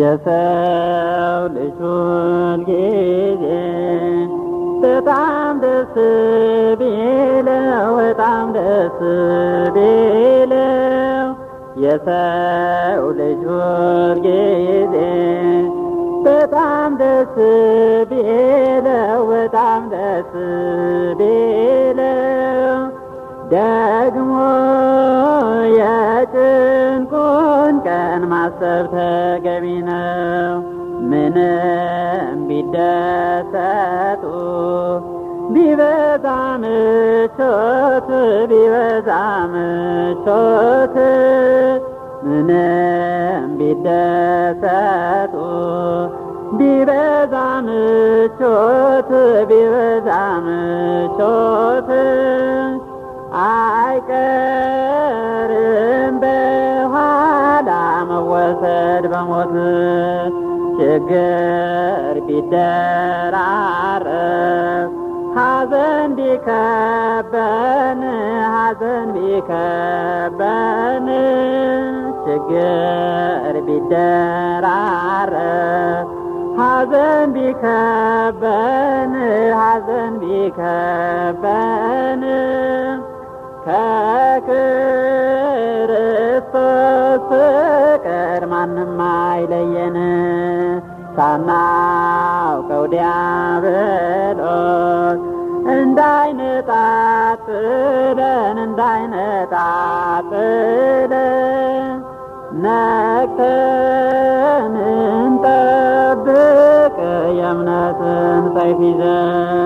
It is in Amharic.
የሰው ልጅ ጊዜ በጣም ደስ ቢለው በጣም ደስ ቢለው የሰው ልጅ ጊዜ በጣም ደስ ቢለው በጣም ደስ ቢለው ደግሞ የጭ ማሰብ ተገቢ ነው። ምንም ቢደሰቱ ቢበዛ ምቾት ቢበዛ ምቾት ምንም ቢደሰቱ ቢበዛ ምቾት ቢበዛ ምቾት ሞት ችግር ቢደራረብ ሐዘን ቢከበን ሐዘን ቢከበን ችግር ቢደራር ሐዘን ቢከበን ሐዘን ቢከበን ከክርስቶስ ፍቅር ማንማ ሥራዬን ሳናውቀው ዲያብሎስ እንዳይነጣጥለን እንዳይነጣጥለን ነቅተን እንጠብቅ የእምነትን ሰይፍ ይዘን